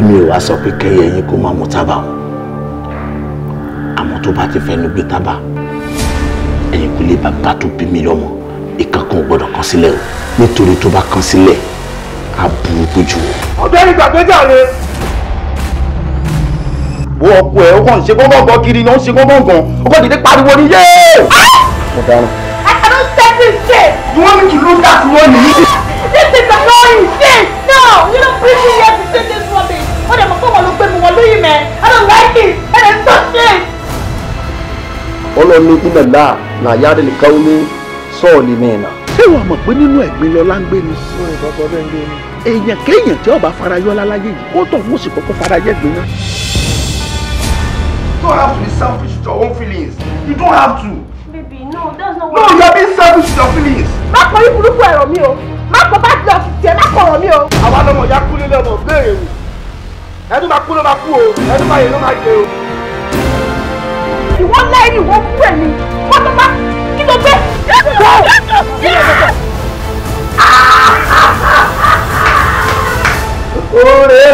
èmi ò wá sọ pé kẹ́yẹ yín kó má mu tábà o àmọ́ tó bá ti fẹnu gbé tábà ẹ̀yin kò lè bàbá tó bí mi lọ́mọ ìkankan ò gbọ́dọ̀ kan sílẹ̀ o nítorí tó bá kan sílẹ̀ á burú kojú o. ọ̀gbẹ́ni gbàgbéjáde wo ọkọ ẹ ó kàn ṣe gbọ́ngàn kiri ni ó ṣe gbọ́ngàn gan ó kàn dédé pariwo ni yéé. mo dáná. I don't step this shit. You want me to lose that money? This is my ọlọ́ni ìnàlá nà yára lè káwọn ní sọ́ọ̀lì mìíràn. ṣé wàá mọ̀ pé nínú ẹ̀gbin lọ́lá ń ni. èèyàn kéèyàn tí ọba fara yọ yìí kó tọ̀ wọ́n sì kọ́kọ́ fara gbin náà. You don't have to be selfish with your own feelings. You don't have to. Baby, no, that's not what. No, you are being selfish with your feelings. Má kọ yín burúkú ẹ̀rọ mi o. Má kọ bá tilẹ̀ ọ̀sùn tiẹ̀ má kọ̀rọ̀ mi o. Àwa lọmọ ìyá kú nílé ọmọ béèrè wò. Ẹni máa kú ló máa kú o. Ẹni máa yẹ ló máa yẹ o. wọ́n lẹ́yìn wọ́n kú ẹ̀mí wọ́n tó bá kí ló gbé. Oore!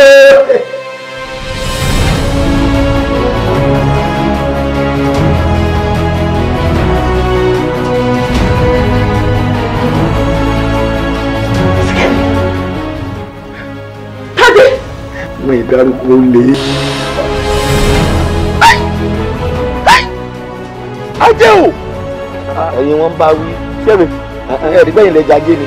wọn ìdárúkọ lè é. ajé o. ẹ̀yin wọn bá wí ṣé ẹ̀rí gbẹ̀yìn lẹ́jà gé ni.